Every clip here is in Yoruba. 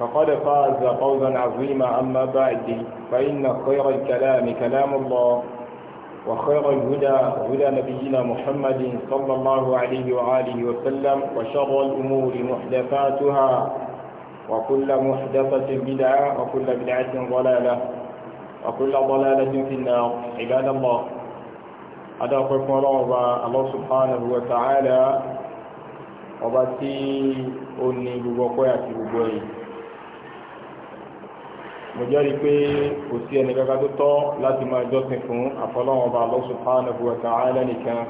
فقد فاز فوزا عظيما أما بعد فإن خير الكلام كلام الله وخير الهدى هدى نبينا محمد صلى الله عليه وآله وسلم وشر الأمور محدثاتها وكل محدثة بدعة وكل بدعة ضلالة وكل ضلالة في النار عباد الله أدعوكم الله الله سبحانه وتعالى ọba أني ó ní mo jẹ́rìí pé kò sí ẹni kankan tó tọ́ láti máa jọ́sìn fún àfọlọ́wọn ọba Allah subhanahu wa ta'ala nìkan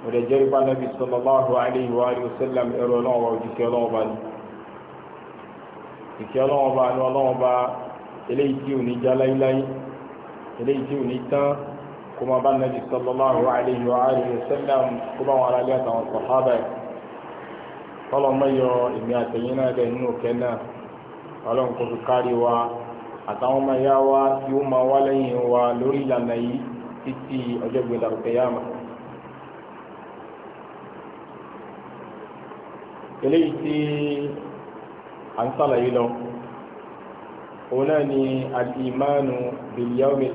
mo dẹ̀ jẹ́rìí pa nàbí sallallahu alayhi wa sallam ẹ̀rọ ọlọ́wọ́n ọba òjìṣẹ́ ọlọ́wọ́n ọba ni ìṣẹ́ ọlọ́wọ́n ọba ni ọlọ́wọ́n eléyìí tí ò ní já láíláí eléyìí tí ò ní tán kó máa bá nàbí sallallahu alayhi wa sallam kó bá wọn aráàlú àtàwọn sàhábà kọ́lọ́ mọ́yọ ìmì àtẹ̀yìn náà dẹ̀ nínú kẹ́ náà ọlọ́run kò fi kárí wa àtàwọn ọmọ ìyá wa tí ó máa wá lẹ́yìn wa lórí ìlànà yìí títí ọjọ́ gbẹ̀dà kẹyàmà. eléyìí tí a ń sàlàyé lọ òun náà ni al-imanu bil-yawmil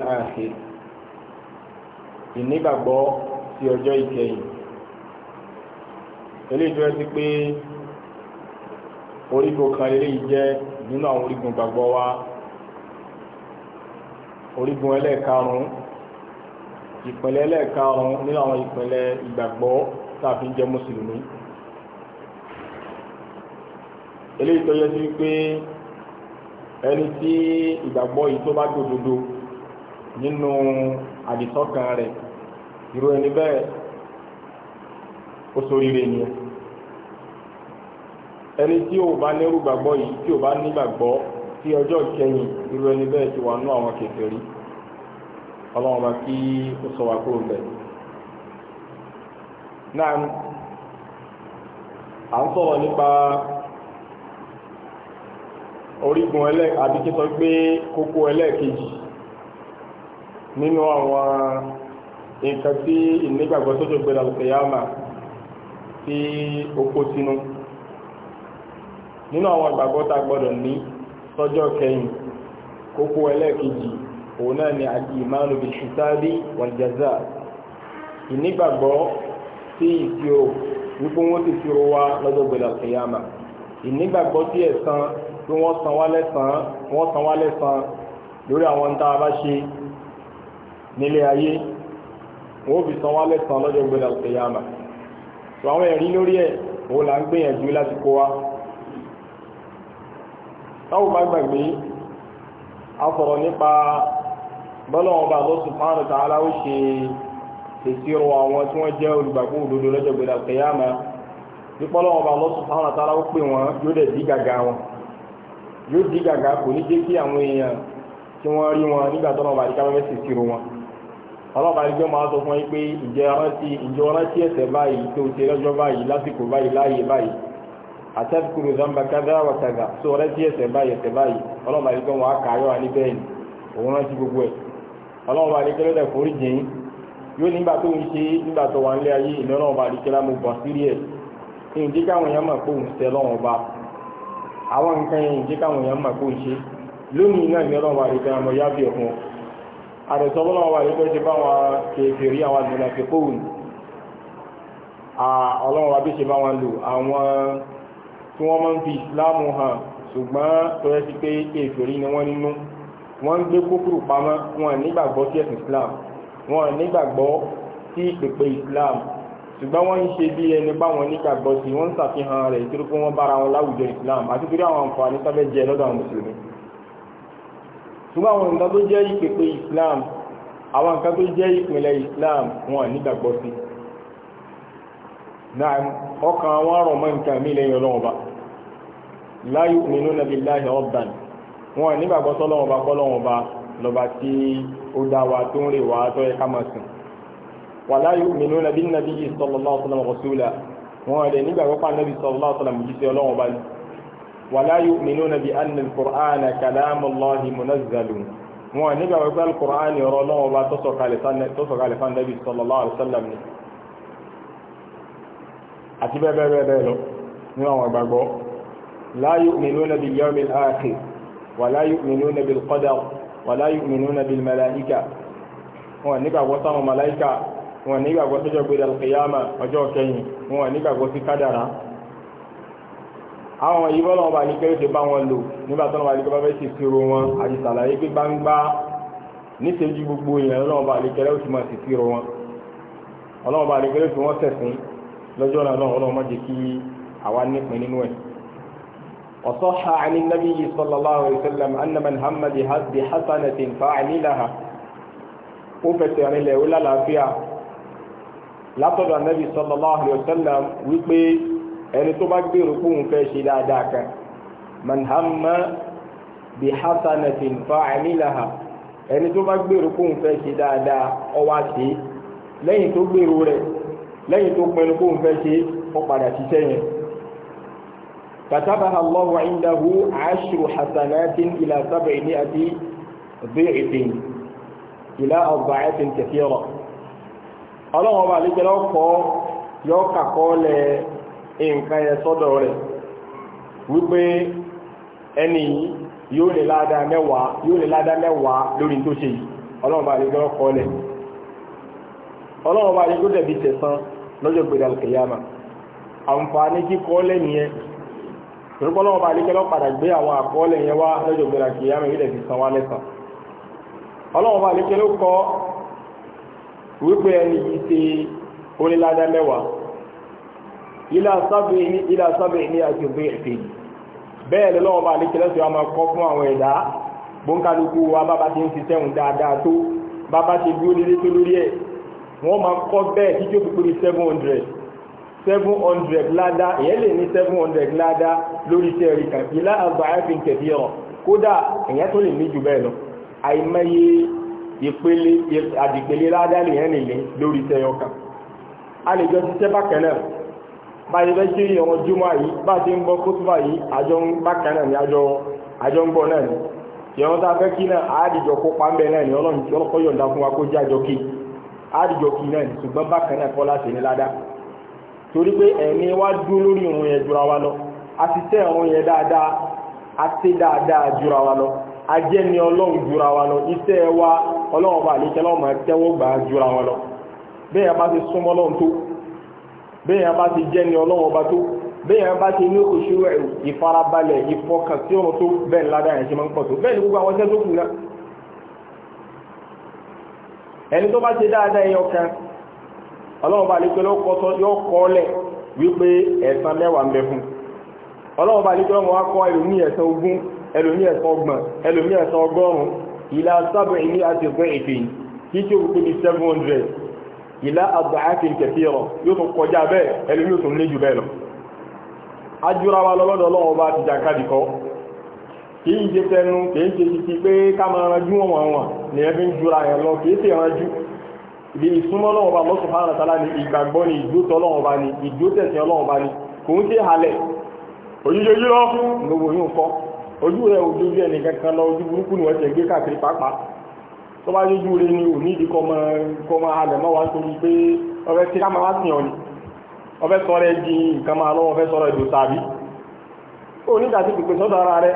ìnígbàgbọ́ sí ọjọ́ ìkẹyìn eléyìí tó yẹ sí pé orígun kan eléyìí jẹ́ nínú àwọn orígun gbàgbọ́ wa orígun ẹlẹ́ẹ̀karùn-ún ìpínlẹ̀ ẹlẹ́ẹ̀karùn-ún nínú àwọn ìpínlẹ̀ ìgbàgbọ́ tàbí jẹ́ mùsùlùmí eléyìí tó yẹ sí pé ẹni tí ìgbàgbọ́ yìí tó bá gbòdodo nínú àdìsọ́kàn rẹ̀ irú ẹni bẹ́ẹ̀ ó ṣoríire nìyẹn ẹni tí ò bá nírú gbàgbọ́ yìí tí ò bá nígbàgbọ́ tí ọjọ́ kẹyìn irú ẹni bẹ́ẹ̀ ti wà nú àwọn rí ọlọ́run bá kí ó sọ wá kúrò bẹ́ẹ̀. náà à ń sọ̀rọ̀ nípa orígun ẹlẹ́ kókó ẹlẹ́ẹ̀kejì nínú àwọn nǹkan tí ìnígbàgbọ́ sójú gbẹdàgbẹ̀yàmà tí nínú àwọn ìgbàgbọ́ tá gbọ́dọ̀ ní sọ́jọ́ kẹyìn kókó ẹlẹ́ẹ̀kejì òun náà ni àti ìmánu bí ṣùtáàbí wàlìjàzà ìnígbàgbọ́ sí ìṣirò wípé wọ́n ti ṣirò wa lọ́jọ́ gbẹ̀dà kìyàmà ìnígbàgbọ́ sí ẹ̀san pé wọ́n san wá lẹ́san wọ́n san wá lẹ́san lórí àwọn ń tá a bá ṣe nílé ayé wọ́n fi san wá lẹ́san lọ́jọ́ gbẹ̀dà kìyàmà tó àwọn ẹ̀rí lórí ẹ̀ òun là ń gbìyànjú láti kó wa táwọn bá gbàgbé a sọ̀rọ̀ nípa bọ́lọ́wọ́n bá lọ́sù fáàrù tààlà ó ṣe ìṣirò àwọn tí wọ́n jẹ́ olùgbàgbọ́ òdodo lọ́jọ́ gbẹ̀dà kẹyàmà nípọ́lọ́wọ́n bá lọ́sù fáàrù tààlà ó pè wọ́n yóò dẹ̀ dí gàgà wọn yóò dí gàgà kò ní jẹ́ kí àwọn èèyàn tí wọ́n rí wọn nígbà tó náà bá rí káfẹ́fẹ́ sì ṣirò wọn ọlọ́ba ẹgbẹ́ máa sọ fún yín atẹ́kùrù zamba kada wa kada so rántí ẹsẹ̀ báyìí ẹsẹ̀ báyìí ọlọ́run àti gbọ́n wọn á kàáyọ́ wa níbẹ̀ yìí òun rántí gbogbo ẹ̀ ọlọ́run àti kẹlẹ́ dẹ̀ forí jìn yóò nígbà tó ń ṣe nígbà tó wà ń lé ayé ìná ọlọ́run àti kẹlẹ́ mo bọ̀ sírí ẹ̀ ìǹdí káwọn èèyàn mọ̀ pé òun ṣe lọ́wọ́n ba àwọn nǹkan yẹn ìǹdí káwọn èèyàn mọ̀ pé òun ṣe lónìí náà ìná ọlọ́run àti mo yá bí ẹ̀kún àdẹ̀sọ́ ọlọ́run àti kẹlẹ́ tí wọ́n máa ń fi ìsìláàmù hàn ṣùgbọ́n tó yẹ sí pé èfèrí ni wọ́n nínú wọ́n ń gbé kúkúrú pamọ́ wọn nígbàgbọ́ sí ẹ̀sìn islam wọn nígbàgbọ́ sí ìpèpè islam ṣùgbọ́n wọ́n ń ṣe bí ẹni báwọn nígbàgbọ́ sí wọ́n ń ṣàfihàn rẹ̀ nítorí pé wọ́n bára wọn láwùjọ islam àti torí àwọn àǹfààní sábẹ́ jẹ lọ́dọ̀ àwọn mùsùlùmí ṣùgbọ́n àwọn nǹkan tó jẹ́ ìpèpè islam àwọn nǹkan tó jẹ́ ìpìnlẹ̀ islam wọn nígbàgbọ́ sí i نعم ọkàn wọn rọ̀ mọ́ لا يؤمنون بالله ọlọ́run ọba la yu'minuna billahi rabban wọn nígbàgbọ́ sọ́lọ́run ọba kọ́lọ́run ọba lọ́ba tí ó dá wa tó ń rè wá tó yẹ ká máa sìn wala yu'minuna bin nabiyyi sallallahu alaihi wasallam rasula wọn rẹ̀ nígbàgbọ́ pa nabi sallallahu alaihi wasallam jíṣẹ́ ọlọ́run ọba ni wala yu'minuna bi anna al-qur'ana kalamullahi munazzalun wọn nígbàgbọ́ pé al-qur'ani ọ̀rọ̀ ọlọ́run tó sọ̀kalẹ̀ àti bẹ́ẹ̀bẹ́ẹ̀bẹ́ẹ̀ lọ nínú àwọn ìgbàgbọ́ la yu'minuna bil yawmil akhir wa la yu'minuna bil qadar wa la yu'minuna bil malaika wọn nígbàgbọ́ sáwọn malaika wọn nígbàgbọ́ sọ́jọ́ gbéra kìyàmà ọjọ́ kẹyìn wọn nígbàgbọ́ sí kádàrá àwọn yìí bọ́lọ̀ ọba ní kéré ti bá wọn lò nígbà tó wọn bá fẹ́ sì ṣírò wọn àti sàlàyé pé gbangba níṣẹ́jú gbogbo èèyàn lọ́wọ́ ọba àlékẹ́rẹ́ ó sì máa sì ṣírò wọn ọlọ́wọ́ ọba àlékẹ́rẹ́ fi wọ́n sẹ̀sìn lọ́jọ́ náà lọ́wọ́ ọlọ́run má jẹ́ kí àwa nípìn nínú ẹ̀. وصح عن النبي صلى الله عليه وسلم أن من هم بحسنة فأعملها وفتر له ولا لا فيها látọ̀dọ̀ anabi sallallahu alayhi wa sallam wípé ẹni tó bá gbèrò kóhun fẹ́ ṣe dáadáa kan manhamma bi hasanatin fa'amilaha ẹni tó bá gbèrò kóhun fẹ́ ṣe dáadáa ó wá lẹ́yìn tó gbèrò rẹ̀ lẹ́yìn tó pẹ̀lú kóhùn fẹ́ ṣe ó padà ṣiṣẹ́ yẹn katabaha Allahu indahu ashru hasanatin ila ila adha'afin kathira ọlọ́run ọba àlejò lọ́kọ́ yọ kàkọ́ọ́lẹ̀ nǹkan yẹn sọ́dọ̀ rẹ̀ wípé ẹni yóò lè ládàá mẹ́wàá lórí tó ṣe yìí ọba àlejò lọ́kọ́ ọlọ́run bá rí tó dẹ̀bi tẹ̀sán lọ́jọ́ gbèrè alkiyama àǹfààní kíkọ́ lẹ́yìn yẹn torípọ́ ọlọ́run bá rí kẹ́lọ́ padà gbé àwọn àkọọ́lẹ̀ yẹn wá lọ́jọ́ gbèrè alkiyama yóò dẹ̀bi san wá lẹ́san ọlọ́run bá rí kẹ́lọ́ kọ́ wípé ẹni yìí ṣe onílàdá mẹ́wàá ilà sábẹ̀ ní ilà sábẹ̀ ní àti òbí ẹ̀fẹ́ bẹ́ẹ̀ lọ́wọ́ bá rí kẹ́lọ́ wọ́n máa kọ́ bẹ́ẹ̀ tí tí ní seven hundred seven hundred ládá èyẹ́ lè ní seven hundred ládá lórí iṣẹ́ rẹ̀ kan ìlà àgbàáfin kẹ̀bí ọ̀rọ̀ kódà èyẹ́ tó lè ní jù bẹ́ẹ̀ lọ àìmọye ìpele àdìpele ládá lè yẹn nìlé lórí iṣẹ́ ọkàn a lè jọ ṣiṣẹ́ bákan náà bá a fẹ́ ṣe ìyọ̀rọ̀ júmọ́ yìí bá a ń gbọ́ kótóbà yìí àjọ bákan náà ni àjọ ń gbọ́ náà ni ìyọ̀rọ̀ tá a fẹ́ kí náà àádìjọ kópa ń bẹ náà ni ọlọ́run tí ọlọ́kọ́ yọ̀ǹda fún wa kó jẹ́ àjọ kí àdìjọ kì náà ní ṣùgbọ́n bákan náà kọ́ láti ní ládá torí pé ẹ̀mí wá dúró lórí ìrun yẹn jura wa lọ a ti tẹ́ ìrun yẹn dáadáa a ti dáadáa jura wa lọ a jẹ́ ni ọlọ́run jura wa lọ iṣẹ́ wa ọlọ́run bá àlékẹ́ lọ́wọ́ máa tẹ́wọ́ gbà á jura wa lọ bẹ́ẹ̀ yẹn bá ti súnmọ́ ọlọ́run tó bẹ́ẹ̀ yẹn bá ti jẹ́ ni ọlọ́run ọba tó bẹ́ẹ̀ yẹn bá ti ní òṣù ìfarabalẹ̀ ìfọkànsí ọ̀run tó bẹ́ẹ̀ ńlá dáhùn ṣe máa ń pọ̀ tó bẹ́ẹ̀ ni gbogbo àwọn iṣẹ́ tó kù náà ẹni tó bá ṣe dáadáa ẹyọ kan ọlọ́run bá lè pé lọ́kọ́tọ́ yóò kọ́ lẹ̀ wípé ẹ̀san mẹ́wàá ń bẹ fún ọlọ́run bá lè pé wọ́n kọ́ ẹlòmí ẹ̀san ogún ẹlòmí ẹ̀san ọgbọ̀n ẹlòmí ẹ̀san ọgọ́rùn-ún ìlà sábẹ̀ ìní àti ìpín ìpín kí tí ó pé ní 700 ìlà àbáhàfin kẹfìrọ̀ yóò tún kọjá bẹ́ẹ̀ ẹlòmí ò tún lé jù bẹ́ẹ̀ lọ ajúra wa lọ́lọ́dọ̀ ọlọ́run bá ti jàǹkadì kọ́ kìí ṣe tẹnu kìí ṣe títí pé ká máa ranjú wọn wọn wọn ni ẹ fi ń jura yẹn lọ kìí ṣe ranjú ibi ìsúnmọ́ lọ́wọ́ bá lọ́sùn fún àwọn àtàlá ni ìgbàgbọ́ ni ìdótọ́ lọ́wọ́ bá ni ìdótẹ̀sìn ọlọ́wọ́ bá ni kò ń ṣe halẹ̀ ojújojú lọ gbogbo yóò kọ́ ojú rẹ̀ ojújú ẹni kankan lọ ojú burúkú ni wọ́n ti gbé káàkiri pàápàá tó bá yójú rẹ̀ ni ò ní ìdí kọ́ máa halẹ̀ máa wá nítorí pé ọbẹ̀ tí ká máa wá sìn ọ ni ọbẹ̀ sọ rẹ̀ di nǹkan máa lọ́wọ́ fẹ́ sọ rẹ̀ dò tàbí ó nígbà tí ara rẹ̀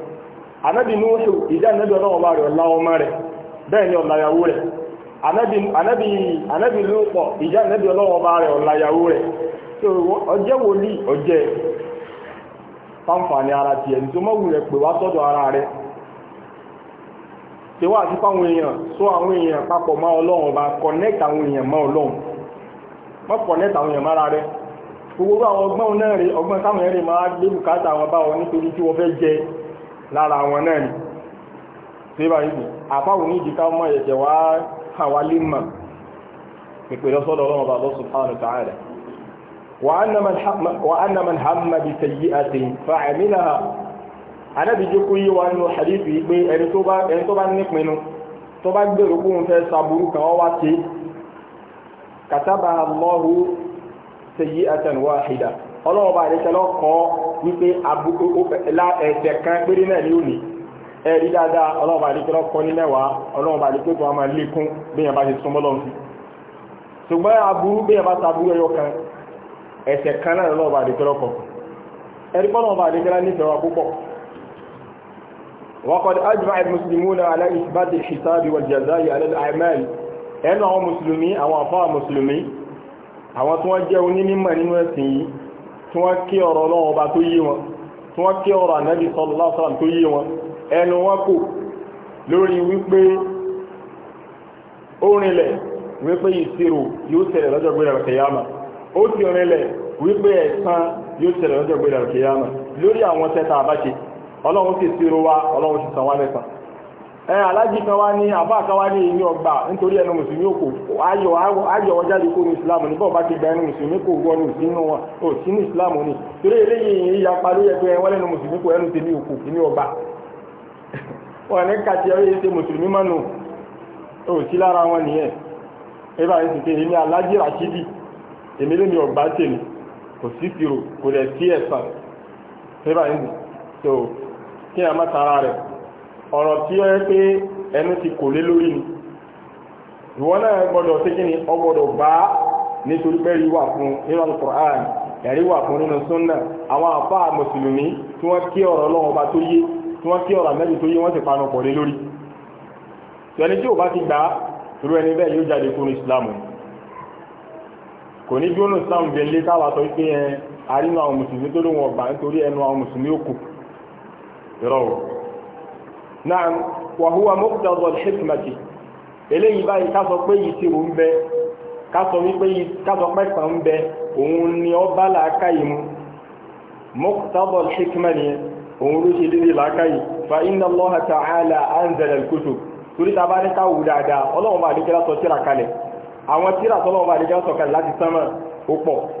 anabi núhù ìjẹ́ anabi ọlọ́wọ́ rẹ̀ bẹ́ẹ̀ ni rẹ̀ anabi anabi ọlọ́wọ́ rẹ̀ rẹ̀ ọjẹ́ ọjẹ́ ara tiẹ̀ ní tó mọ́wù rẹ̀ pè wá sọ́dọ̀ ara rẹ̀ ṣe wá àti fáwọn èèyàn sọ àwọn èèyàn papọ̀ mọ́ ọba connect àwọn èèyàn mọ́ ọlọ́run mọ́ connect àwọn èèyàn mára rẹ̀ gbogbo àwọn ọgbọ́n náà rẹ̀ ọgbọ́n táwọn ẹ̀rẹ̀ máa gbé bùkátà àwọn báwọn nítorí tí wọ́n fẹ́ lára wọn náà ni tí bá yìí àfáwò ní ìdíká mọ́ ẹ̀jẹ̀ wá àwálé mọ̀ ìpìlẹ̀ sọ́dọ̀ ọlọ́run bá lọ́sùn fáwọn ìta rẹ̀ وأن من هم بسيئة فعملها Ànábì jẹ́ kó yé wa nínú hadithi pé ẹni tó bá nípinnu tó bá gbèrò kó ń fẹ́ sàbúrú kan wá wípé ẹ̀ṣẹ̀ kan péré náà ni ó ní ẹ̀rí dáadáa ọlọ́run àdíkẹ́ lọ́kọ́ ní mẹ́wàá ọlọ́run àdíkẹ́ tó wá bí yẹn bá ti súnmọ́ lọ́run ṣùgbọ́n aburú bí yẹn bá ta ẹyọ kan ẹ̀ṣẹ̀ kan náà ọlọ́run àdíkẹ́ lọ́kọ́ ẹ̀rí pọ́lọ́run tí wọ́n ké ọ̀rọ̀ ọlọ́run ọba tó yé wọn tí wọ́n ké ọ̀rọ̀ ànábì sallallahu tó yé wọn ẹnu wọn lórí wípé ó wípé ìṣirò yóò ṣẹlẹ̀ lọ́jọ́ gbéra kẹyàmà ó ti rinlẹ̀ wípé ẹ̀san yóò ṣẹlẹ̀ lọ́jọ́ gbéra lórí àwọn ti ṣirò wa ọlọ́run ti ẹ alájí kan wá ní àbá kan wá ní ìní ọgbà nítorí ẹnu mùsùlùmí òkò ayọ̀ ayọ̀ wọn jáde kó ní islam ní bọ́ọ̀ bá ti gba ẹnu mùsùlùmí kò wọ ní ìsínú wọn ò sí ní islam ní torí eléyìí ìyá parí ẹ pé ẹ wọ́n lẹ́nu mùsùlùmí kò ẹnu tèmi òkò ìní ọgbà wọn ní kàtí ẹ yé ṣe mùsùlùmí mánu ò sí lára wọn ọ̀rọ̀ tí ó yẹ pé ẹnu ti kò lé lórí ni ìwọ náà gbọ́dọ̀ sí kí ni ọ gbọ́dọ̀ bá nítorí pé rí wà fún nínú alukur'an ẹ̀rí wà fún nínú sunna àwọn àfa mùsùlùmí tí wọ́n kí ọ̀rọ̀ Ọlọ́run ọba tó yé tí wọ́n kí ọ̀rọ̀ àmẹ́bí tó yé wọ́n sì panu pọ̀ lé lórí ẹni tí ò bá ti gbà irú ẹni bẹ́ẹ̀ yóò jáde kúrò ìsìlámù kò ní dúró ìsìlámù bí ilé táwa sọ pé ẹ arínú àwọn mùsùlùmí tó lóun ọgbà nítorí ẹnu àwọn mùsùlùmí òkú ìrọ̀rùn náà wàhúwa mọ́kútàzọ̀ hikmati eléyìí báyìí ka sọ pé yìí ti rò ń sọ ń bẹ òun ni ọ làákà yìí mu mọ́kútàzọ̀ hikmati òun ló ṣe dédé làákà yìí fa inna Allaha ta'ala anzala al-kutub torí ta bá ní ká wù dáadáa ọlọ́run bá àdékẹ́lá sọ tíra kalẹ̀ àwọn tíra sọlọ́run bá àdékẹ́lá sọ kalẹ̀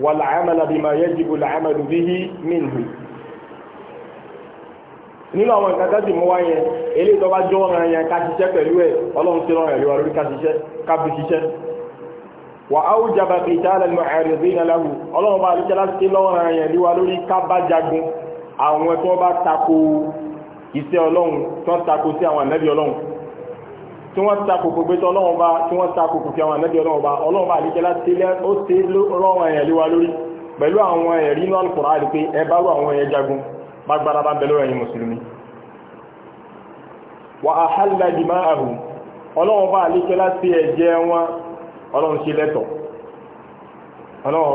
والعمل بما يجب العمل به منه nínú àwọn nǹkan tó ti mú wá yẹn eléyìí tó bá jọ ọ̀ràn yẹn ká ṣiṣẹ́ pẹ̀lú ẹ̀ ọlọ́run ti rán ẹ̀lú wa ká fi jaba ọlọ́run bá yẹn jagun àwọn tako iṣẹ́ ọlọ́run tó tako sí àwọn tí wọ́n ta kòkò gbẹ́tọ̀ ọlọ́run bá tí wọ́n ta kòkò fi àwọn ànábì ọlọ́run bá ọlọ́run bá àdíjẹ́lá ó ṣe rọrùn ẹ̀yẹ̀ léwa lórí pẹ̀lú àwọn ẹ̀rí inú Al-Qur'an àti pé ẹ bá rú àwọn ẹ̀yẹ jagun gbágbára bá bẹ̀lú ẹ̀yin mùsùlùmí wa ahalla dima'ahum ọlọ́run bá àdíjẹ́lá sí ẹ̀jẹ̀ wọn ọlọ́run sí lẹ́tọ̀ ọlọ́run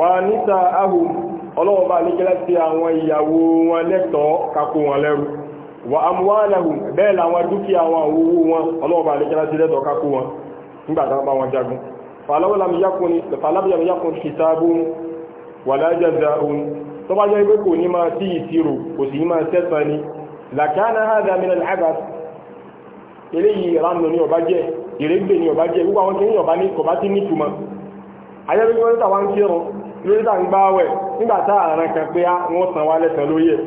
wá ọlọ́wọ́ bá lékẹ́ láti àwọn ìyàwó wọn lẹ́tọ̀ọ́ kakó wọn lẹ́rú wà amúhálàhù bẹ́ẹ̀ làwọn dúkìá wọn owó wọn ọlọ́wọ́ bá lékẹ́ láti lẹ́tọ̀ọ́ kakó wọn nígbàtà bá wọn jagun fàlábíyàmíyàkùn kìtàbù wàlájàzà ohun tó bá jẹ́ pé kò ní máa sí ìṣirò kò sì ní máa sẹ́sàn ni làkánà hádà mìíràn lórí tàǹgbà wẹ̀ nígbà tá àrùn kan pé wọ́n san wá lẹ́sẹ̀ lórí ẹ̀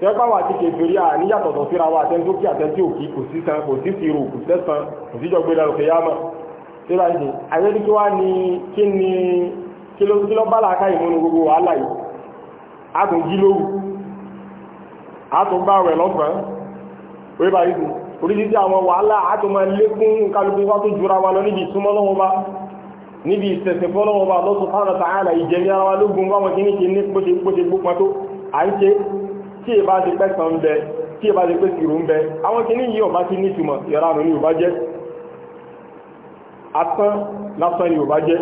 tẹ́ bá wà kíkẹ́ torí à níyàtọ̀tọ̀ síra wa àtẹ́ntó kí àtẹ́ntí òkì kò sí san kò sí sírò kò kò ní kí wá ní kí ni kí ló bá làákà ìmúnu gbogbo wàhálà yìí a tún jí lóru a tún bá wẹ̀ lọ́gbọ̀n wẹ́ bá yìí oríṣiríṣi àwọn wàhálà níbi ìsẹ̀sẹ̀ fọ́lọ́wọ́ bá lọ́sùn fánà tààlà ìjẹ̀mí ara wa lógún báwọn kí ní kí ní pọ́ṣe gbópa tó à ń ṣe tí ìbá ti pẹ́sàn ń bẹ tí ìbá ti pẹ́ sìrò ń bẹ àwọn kí ní yí ọba ti ní ìtumọ̀ yọra àrùn ní ò bá jẹ́ asán lásán ni ò bá jẹ́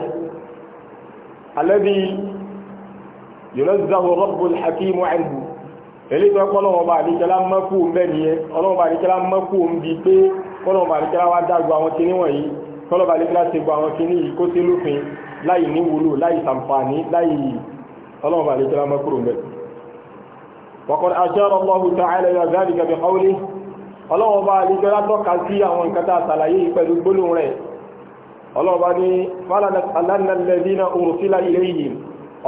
alẹ́bí yọlọ́zàwọ̀ rọ́bùl hakimu ẹ̀bù èlé tó ẹkọ́ lọ́wọ́ bá àdíkẹ́lá mọ́kù ń bẹ́ nìyẹn ọlọ́wọ́ àdíkẹ́lá mọ́kù ń bi pé kọ́lọ́wọ́ àdíkẹ́lá wá dágbà àwọn kí níwọ̀nyí kọ́lọ́bà lè kíláṣe gbọ́ àwọn kìíní yìí kó sí lófin láì ní wúlò láì sàǹfààní láì ọlọ́run bá lè kíláṣe mọ́ kúrò mẹ́. wọ́kọ̀ aṣọ́rọ̀ Allahu ta'ala ya zalika bi qawli ọlọ́run bá lè kíláṣe tọ́ka sí àwọn nǹkan tá a ṣàlàyé yìí pẹ̀lú gbólóhùn rẹ̀ ọlọ́run bá ní falanalladhina ursila ilayhim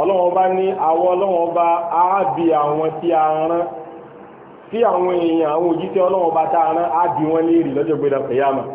ọlọ́run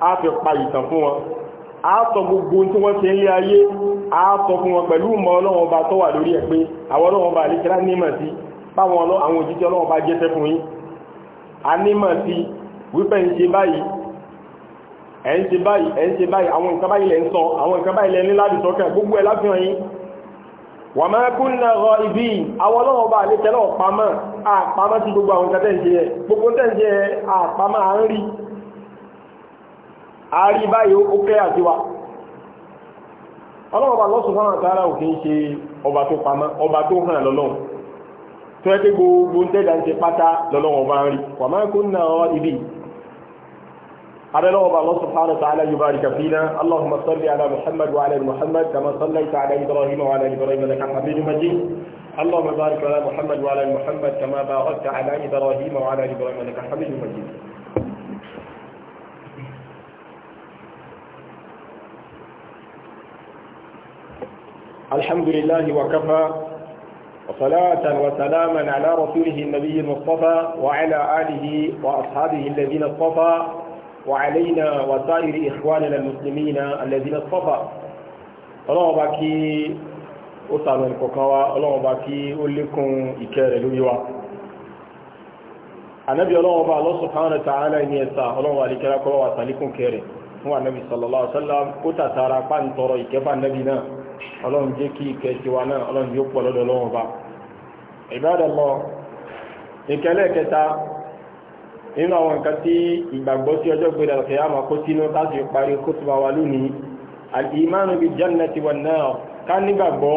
a fi pa ìtàn fún wọn a sọ gbogbo tí wọ́n ṣe ń lé ayé a sọ fún wọn pẹ̀lú mọ́ ọlọ́run ọba tó wà lórí ẹ̀ pé àwọn ọlọ́run ọba àlékẹ́lá nímọ̀ sí báwọn àwọn òjíṣẹ́ ọlọ́run ọba jẹ́sẹ́ fún yín a nímọ̀ sí wípé ń ṣe báyìí ẹ̀ ń ṣe ibi àwọn ọlọ́wọ́ bá àlékẹ́lọ́ pamọ́ àpamọ́ sí gbogbo àwọn nǹkan tẹ́ ń ṣe ẹ̀ àárí báyìí ó kẹ́ àtiwá ọlọ́ọ̀bà lọ́sùn fún àtàrà òkè ń ṣe ọba tó pamọ́ ọba tó hàn lọ́lọ́run tó yẹ pé gbogbo ń tẹ́jà ń ṣe pátá lọ́lọ́run ọba ń rí wà máa kó nà ọ ibi abẹ́lọ́ọ̀bà lọ́sùn fún àtàrà yóò bá rí kàfínà allahumma salli ala muhammad wa ala muhammad kama sallaita ala ibrahim wa ala ibrahim laka hamidun majid اللهم بارك على محمد وعلى محمد كما باركت على ابراهيم وعلى ابراهيم انك حميد مجيد الحمد لله وكفى وصلاة وسلاما على رسوله النبي المصطفى وعلى آله وأصحابه الذين اصطفى وعلينا وسائر إخواننا المسلمين الذين اصطفى ọlọ́run bá kí ó sàmì ìkọ̀kan wa ọlọ́run bá kí ó lékún ìkẹ́ rẹ̀ lórí wa anábi ọlọ́run bá Allah subhanahu wa ta'ala ní ẹ̀sà ọlọ́run àríkẹ́lá kọ́lọ́wà sàlékún kẹrẹ̀ fún anábi sallallahu alaihi wasallam ó tàtàrà pàǹtọrọ ìkẹfà anábi náà ọlọ́run jẹ́ kí ìkẹ́ tiwa náà ọlọ́run yóò pọ̀ lọ́dọ̀ ọlọ́run ọba ìbádọ́lọ́ ìkẹ́lẹ̀ kẹta nínú àwọn nǹkan tí ìgbàgbọ́ sí ọjọ́ gbé dàrọ̀ kẹ́yà máa kó sínú láti parí kó tó máa wà lónìí al-imanu bil jannati wan nar ká nígbàgbọ́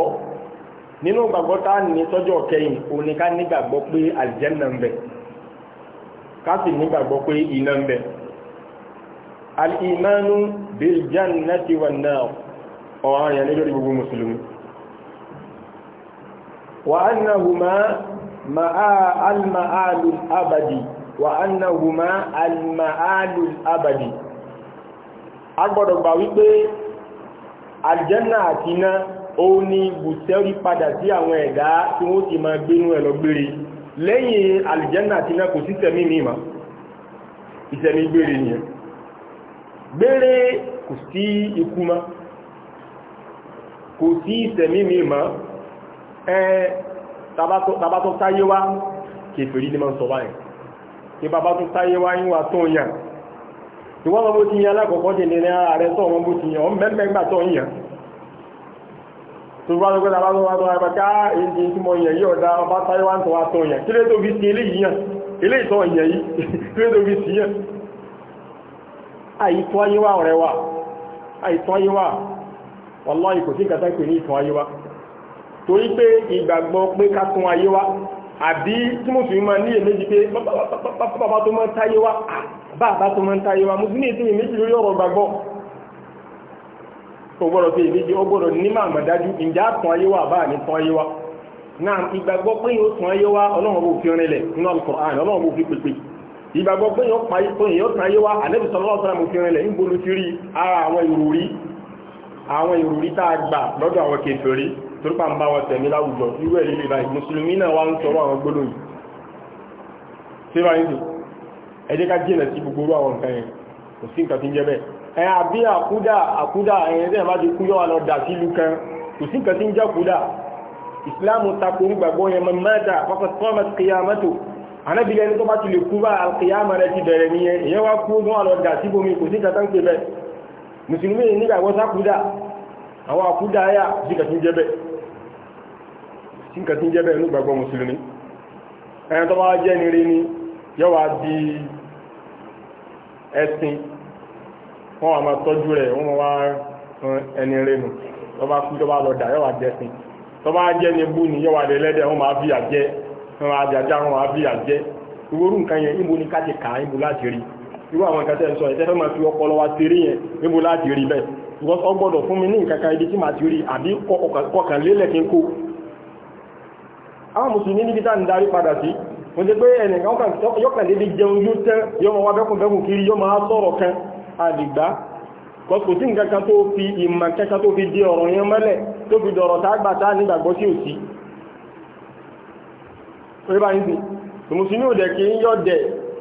nínú ìgbàgbọ́ tá ní sọ́jọ́ kẹyìn òun ni ká nígbàgbọ́ pé àlìjẹ́nà ń bẹ ká sì nígbàgbọ́ pé iná ń bẹ al-imanu bil jannati wan nar ọ̀rọ̀ àyàn ní lórí gbogbo mùsùlùmí wa annahuma al-ma'alul abadi wa annahuma al-ma'alul abadi a gbọ́dọ̀ gbà wípé aljanna àti iná ó ní bùsẹ́rí padà sí àwọn ẹ̀dá tí wọ́n ti máa gbénú ẹ̀ lẹ́yìn aljanna àti iná kò sí tẹ̀mí mímọ̀ ìtẹ̀mí gbére nìyẹn gbére kò sí ikú máa kò sí ìsẹ̀mí mi mọ́ ẹ tàbá tó táyé wá kèfèrí ní máa ń sọ báyìí tí bàbá tó táyé wá yíwá tó yàn tí wọ́n mọ́ bó ti yàn alákọ̀ọ́kọ́ jẹ́ ní ààrẹ tó wọ́n bó ti yàn ọ́n mẹ́mẹ́gbà tó yàn tó bá tó gbẹ́ta bá tó wá tó wá ká èdè tí mo yàn yí ọ̀dá ọba táyé wá ń tó wá tó yàn kí lé tó fi sí eléyìí yàn tó yàn tó fi wàláhì kò sí nǹkan pè ní ìtàn ayé wa torí pé ìgbàgbọ́ pé ká tún ayé wa àbí tí mùsùlùmí máa ní èméjì pé bàbá tó máa ń wa bàbá tó máa ń wa mùsùlùmí ètò ìméjì lórí ọ̀rọ̀ ó gbọ́dọ̀ sí ó gbọ́dọ̀ ní bá ní tún náà ìgbàgbọ́ pé yóò tún ọlọ́run fi nínú ọlọ́run bó fi pèpè ìgbàgbọ́ pé yóò tún mo fi ń sí rí ara àwọn ìròrí tá a gbà lọ́dọ̀ àwọn kèfèrí torípa ń bá wọn tẹ̀mí láwùjọ irú ẹ̀ lílé báyìí mùsùlùmí náà wá ń sọ̀rọ̀ àwọn gbóló yìí tí bá ń dì ẹ jẹ́ ká jìnà sí gbogbo àwọn nǹkan yẹn kò sí nǹkan tí ń jẹ́ bẹ́ẹ̀ ẹ àbí àkúdà àkúdà ẹ̀yẹn tẹ́ bá ti kú yọ́ lọ dà sí ìlú kan kò sí nǹkan tí ń jẹ́ kúdà ìsìláàmù takò ń gbàgbọ́ yẹn mọ́ mẹ́ta pápá tọ́mọ̀ kìyàmẹ́tò anábìlẹ̀ ẹni tó bá ti lè kú bá alkìyàmẹ́ rẹ bẹ́ẹ̀ musulmi n'i ga àwọn kuda ayá sí ya jẹ́bẹ̀ sí kàtún jẹ́bẹ̀ ní gbàgbọ́ mùsùlùmí ẹni tó bá tọba n'i rí ní yọ́wà di ẹ̀sìn wọ́n wà ẹni rẹ̀nu tó bá kú tó bá lọ dà yọ́wà dẹ́sìn jẹ wọ́n máa jàjá ìwòrú nǹkan yẹn ìbò ìbò láti rí irú àwọn nǹkan tẹ́ ń máa fi ọpọlọ wa ti rí yẹn níbo láti rí bẹ́ẹ̀ because ọ gbọ́dọ̀ fún mi ní nǹkan kan ibi tí màá ti rí àbí kọkànlélẹ̀ kí n kó àwọn mùsùlùmí níbi tá ń darí padà sí mo jẹ́ pé ẹnìkan yọ́kànlélẹ̀ jẹun yóò tẹ́ kiri yọmọ á kan àdìgbà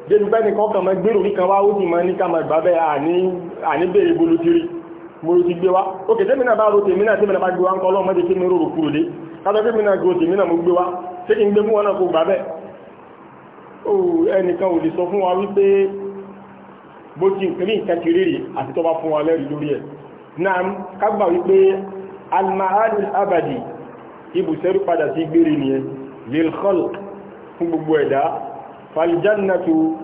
débi pẹ́ nìkan kan mọ́ gbèrò nìkan wá ó sì mọ́ ní kàmọ́ ìgbà bẹ́ẹ̀ àní bèèrè bolo ti rí mo ti gbé wá ó kè tẹ́mìnà bá ro tèmínà tẹ́mìnà bá gbé wá ń kọ́ lọ́wọ́ mọ́dé kí mi rorò kúrò lé kátọ́ kí mi náà gbé tèmínà mo gbé wá ṣé kí n gbé mú wọn náà kó gbà bẹ́ẹ̀ ó ẹnìkan ò lè sọ fún wa wípé bó ti rí nǹkan ti rí rí àti tó bá fún wa lẹ́rìí lórí ẹ̀ náà gbogbo ẹ̀dá فالجنة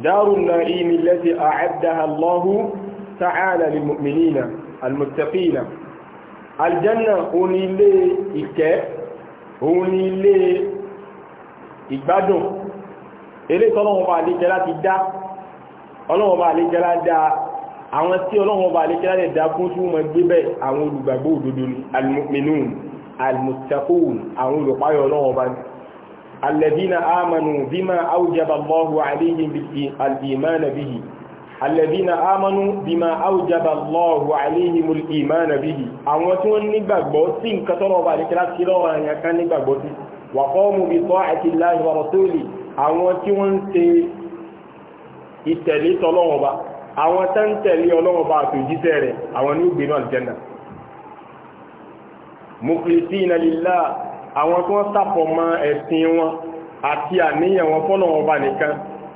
دار النعيم التي أعدها الله تعالى للمؤمنين المتقين الجنة أولي لي إكاء أولي لي إكبادون إليه صلى الله عليه وسلم ọlọ́wọ́ bá lè jẹ́lá dáa àwọn tí ọlọ́wọ́ bá lè jẹ́lá lè dáa fún tí wọ́n gbé bẹ́ àwọn olùgbàgbọ́ òdodo ni al-mu'minun al-muttaqun àwọn olùpáyọ̀ ọlọ́wọ́ bá ní الذين آمنوا بما أوجب الله عليهم الإيمان به الذين آمنوا بما أوجب الله عليهم الإيمان به àwọn tí wọ́n nígbàgbọ́ sí nǹkan tó lọ́wọ́ àti kíláà sí lọ́wọ́ àyàn kan nígbàgbọ́ sí وقاموا بطاعة الله ورسوله àwọn tí wọ́n ń ṣe ìtẹ̀lé tọ́lọ́wọ́ba àwọn tó ń tẹ̀lé ọlọ́wọ́ba àtòjíṣẹ́ rẹ̀ àwọn ní ó gbénú àlùjánnà mukhlisina lillah àwọn tí wọ́n sàpọ̀ mọ́ ẹ̀sìn wọn àti àníyàn wọn fọ́lọ̀wọ̀n bá nìkan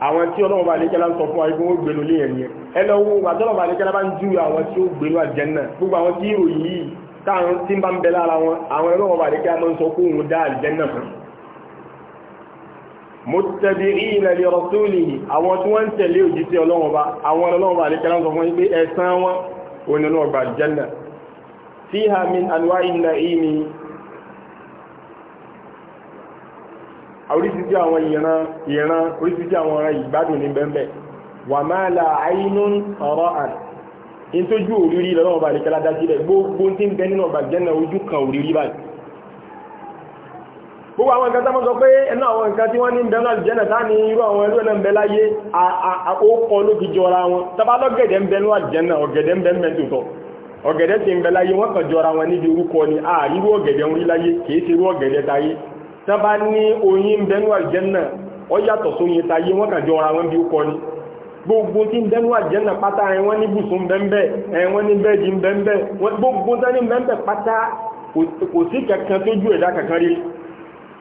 àwọn tí ọlọ́wọ̀n bá nìkan láń sọ fún àìkún ó gbèlú lè ẹ̀yẹ ẹlọ́wọ́ àtọ́lọ́wọ̀n bá nìkan bá ń jú àwọn tí ó gbèlú àjẹ́nà gbogbo àwọn tí ìrò yìí táwọn tí ń bá ń bẹ lára wọn àwọn ẹlọ́wọ̀n bá nìkan min anwa'in na'imi oríṣiríṣi àwọn ìran ìran oríṣiríṣi àwọn ọ̀ràn ìgbádùn ní bẹ́ẹ̀ wà máa la àínún ọ̀rọ̀ àn in tó ju òrírí lọ́nà ọba àdìkẹ́lá dájú rẹ̀ gbogbo tí ń bẹ nínú ọba jẹ́nà ojú kan òrírí báyìí gbogbo àwọn nǹkan tó mọ́ sọ pé ẹnà àwọn nǹkan tí wọ́n ní bẹ̀rẹ̀ àlùjẹ́nà tá ní irú àwọn ẹlú ẹ̀nà ń bẹ láyé àkókò ló fi jọra wọn tàbá lọ́gẹ̀dẹ̀ ń ọ̀gẹ̀dẹ̀ ti ń bẹ láyé wọ́n kàn jọra wọn níbi orúkọ ni àríwú ọ̀gẹ̀dẹ̀ ń rí kìí ṣe irú ọ̀gẹ̀dẹ̀ táyé tán bá ní oyin bẹnu àjẹ́nà ọ yàtọ̀ sóyin tayé wọ́n ka ara wọn bí ó kọ ní gbogbo tí ń bẹnu àjẹ́nà pátá ẹ̀wọ́n ní bùsùn bẹ́ńbẹ́ ẹ̀wọ́n ní bẹ́ẹ̀dì gbogbo tán ní bẹ́ńbẹ́ pátá kò sí kankan tó ju ẹ̀dá kankan rí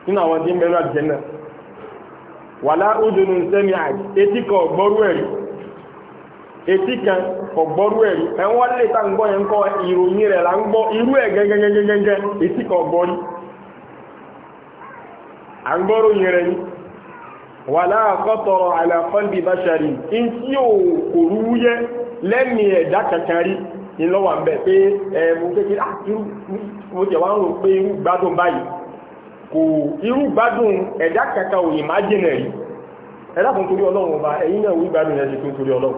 nínú àwọn tí ń bẹnu àjẹ́nà sẹ́mi àti ọ̀gbọ́rú ẹ̀rí ọ̀gbọ́rú ẹ̀rí ẹ̀wọ́n lè ń à ń gbọ́rò yẹn rẹ̀ ní wà láàkọ́tọ̀rọ̀ àlàkọ́lbì bá ṣàrí in tí ò kò rúwúyẹ́ lẹ́mì ẹ̀dá kankan rí ní lọ́wà ń bẹ̀ pé ẹ̀mù kékeré àtúrú mo jẹ̀ wá ń rò pé irú gbádùn báyìí kò irú gbádùn ẹ̀dá kankan ò yìí má jìnà rí ẹ̀dá torí ọlọ́run ọba ẹ̀yìn náà orí gbádùn yẹn ti tún torí ọlọ́run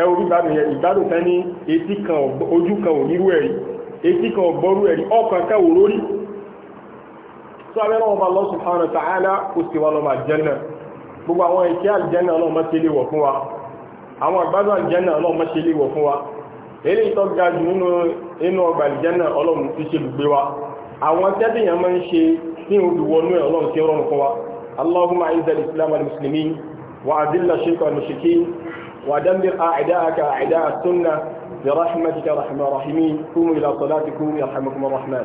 ẹ orí gbádùn yẹn ìgbádùn tó abẹ́rẹ́ wọn bá Allah subhanahu wa ta'ala kò sí wa lọ́mọ àjẹ́nà gbogbo àwọn ìkẹ́ àjẹ́nà ọlọ́mọ ṣe lè wọ̀ fún wa àwọn àgbádùn àjẹ́nà ọlọ́mọ ṣe lè wọ̀ fún wa èyí tó ga jù nínú ọgbà àjẹ́nà ọlọ́run ti ṣe gbogbo wa àwọn tẹ́bìyàn máa ń ṣe ní olùwọnú ẹ̀ ọlọ́run ti rọrùn fún wa اللهم اعز الاسلام والمسلمين واذل الشرك والمشركين ودمر اعداءك اعداء السنه برحمتك رحمة الراحمين قوموا إلى صلاتكم يرحمكم الرحمن